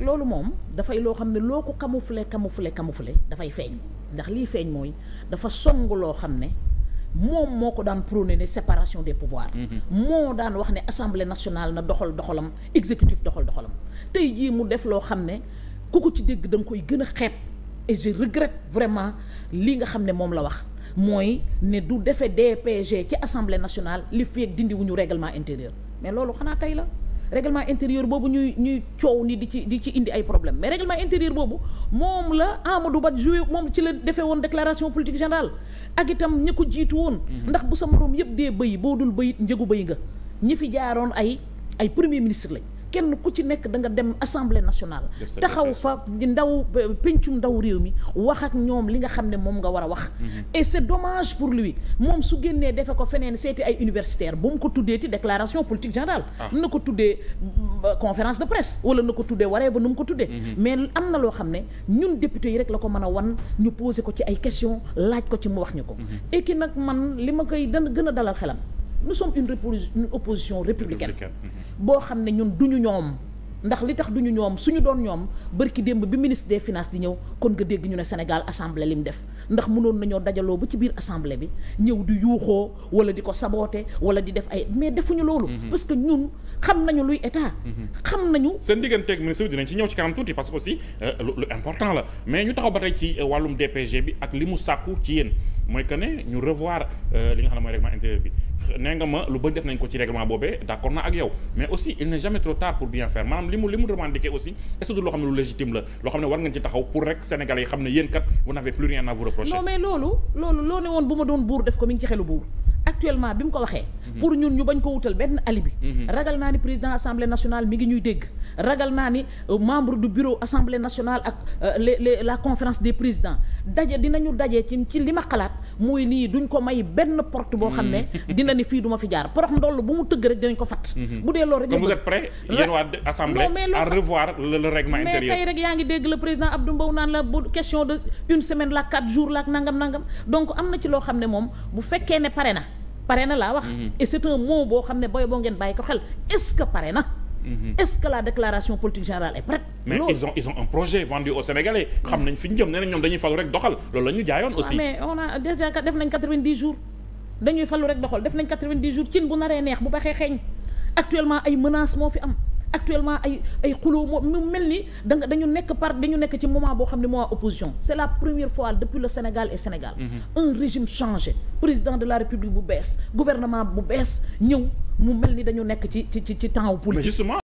loolu moom dafay loo xam ne loo ko camoufler camoufler camoufler dafay feeñ ndax lii feeñ mooy dafa song loo xam ne moom moo ko daan prôné ne séparation des pouvoirs mm-hmm. moo daan wax ne assemblée nationale na doxal doxalam exécutif doxal doxalam tey jii mu def loo xam ne ku ko ci dégg da nga koy gën a xeeb et je vraiment li nga xam ne moom la wax mooy ne du defee DPG ci assemblée nationale li feeg dindiwuñu réglement ñu intérieur mais loolu xanaa tey la règlement intérieur boobu ñuy ñuy coow ni di ci di ci indi ay problème mais règlement intérieur boobu moom la Amadou Ba joué moom ci la defee woon déclaration politique générale ak itam ñi ko jiitu woon mhm. ndax bu sa moroom yëpp dee bëy boo dul bëyit njëgu bëy nga ñi fi jaaroon ay ay premier ministre lañ kenn ku ci nekk da nga dem assemblée nationale taxaw fa ndaw pencum ndaw réew mi wax ak ñoom li nga xam ne moom nga war a wax mhm. et c'est dommage pour lui moom su génnee defe ko feneen seeti ay universitaire bu mu ko tuddee ti déclaration politique générale ah. na ko tuddee conférence de presse wala na ko tuddee waree ba nu mu ko tuddee mhm. mais am na loo xam ne ñun député yi rek la ko mën a wan ñu posé ko ci ay question laaj ko ci mu wax ñu ko mhm. et nag man li ma koy dana gën a dalal nous sommes une une opposition républicaine mhm. boo xam ne ñun duñu ñoom ndax li tax duñu ñoom suñu doon ñoom bërki démb bi ministre de finance di ñëw kon nga dégg ñu ne Sénégal assemblée li mu def ndax mënoon nañoo dajaloo ba ci biir assemblée bi ñëw di yuuxoo wala di ko saboote wala di def ay mais defuñu loolu. Mhm. parce que ñun xam nañu luy état. Mhm. xam nañu. seen diggante ministre bi dinañ ci ñëw ci kanam tuuti parce que aussi euh, lu important la mais ñu taxaw ba tey ci euh, wàllum DPG bi ak li mu sàkku ci yéen mooy que ne ñu revoir euh, li nga xam ne mooy ko ci règlement boobee d'accord na ak yow mais aussi il n'est jamais trop tard li mu li mu revendiquer aussi est-ce que du loo xam ne lu légitime la loo xam ne war ngeen ci taxaw pour rek sénégalais yi xam ne yéen kat vous n'avez plus rien à vous reprocher. non mais loolu loolu loo ne woon bu ma doon buur def ko mi ngi ci xelu buur actuellement bi mu ko waxee. Mhm. pour ñun ñu bañ ko wutal benn bi mhm. ragal naa ni président assemblée nationale mi ngi ñuy dégg ragal naa ni euh, membre du bureau assemblée nationale ak euh, les le la conférence des présidents daje dinañu daje ci ci li ma xalaat. mooy nii duñ ko may benn port boo xam ne mm-hmm. dina ni fii du fi jaar porox ndoll bu mu tëgg rek dinañ ko fatt mm-hmm. bu dee loolu rek vous êtes prêts mais tey rek yaa ngi dégg le président Abdou Mbow naan la bu question de une semaine la quatre jours la ak nangam nangam donc am na ci loo xam ne moom bu fekkee ne pare na pare na laa wax mm-hmm. et c'est boo xam ne booy boo ngeen bàyyi ko xel est que pare na est la déclaration politique générale est mais ils ont ils ont un projet vendu aux Sénégalais xam nañ ñu jëm nee na ñoom dañuy falu rek doxal loolu ñu jaayoon aussi ah, a déjà def nañ 90 jours dañuy falu moo fi am actuellement ay ay xuloo moo mel ni nga dañu nekk par dañu nekk ci moment boo xam ne moo opposition c'est la première fois depuis le Sénégal et Sénégal mmh. un régime changé président de la bu bees gouvernement bu bees ñëw mel ni dañu nekk ci ci ci temps politique